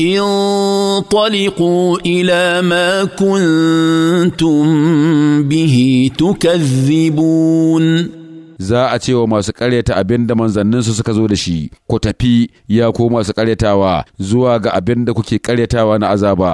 انطلقوا الى ما كنتم به تكذبون za a ce wa masu ƙaryata abin da manzanninsu suka zo da shi, ku tafi ya ko masu ƙaryatawa zuwa ga abin da kuke ƙaryatawa na azaba.